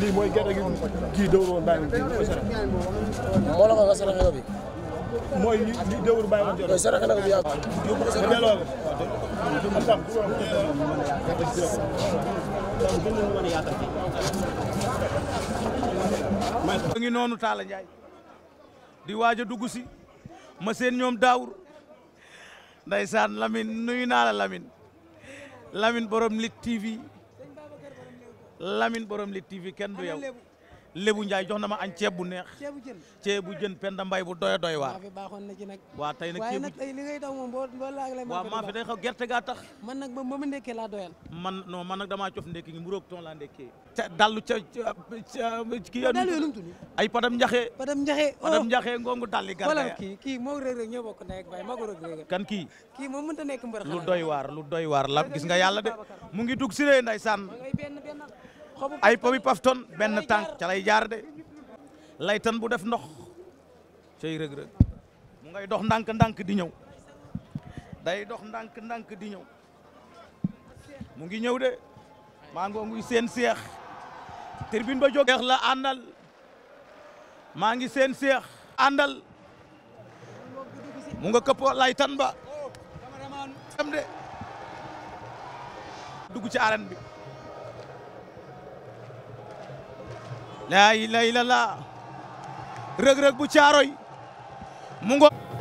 lii mooy gerte gi kii dëwëroon bàyyi moo la ko nga saraxe ko bi mooy li li dëwër bàyyi woon mooy saraxe na ko bi yàgg ma ngi noonu Talla Ndiaye di waaj a dugg si ma seen ñoom daawur ndeysaan Lamine nuyu naa la Lamine Lamine borom Lutte TV Lamine borom Lutte TV kenn du yow Lébu Ndiaye jox na ma añ ceeb bu neex. ceebu jën ceebu jën Penda mbay bu doy doy waa. waaw tey nag. waaye nag tey li ngay daw moom boo boo laag lay. waaw maa fi xaw gerte gaa tax. man nag ba ma ndekkee laa doyal. man non man nag damaa cof ndekki ngi mu roog ton laa ndekkee. ca dallu ca ca kii. waaw dallu ay Padam Ndiakhé. Padam Ndiakhé oh Padam Ndiakhé ngooŋu dalli. gàncax xoolal kii kii moo rëg rëg ñoo bokk kan ki ki moom mënut a nekk mbër lu doy waar lu doy waar la gis nga yàlla de mu ngi dugg si ree ay pobi pafton benn tànk ca lay jaar de laytan bu def ndox cay rëg-rëg mu ngay dox ndànk-ndànk di ñëw day dox ndànk-ndànk di ñëw mu ngi ñëw de maa ngoo ngi seen seex tribune ba jóg la àndal maa ngi seen seex àndal mu nga këppoo laytan ba am de dugg ci arène bi laa ilaha illallah rëg-rëg bu caaroy mu ngo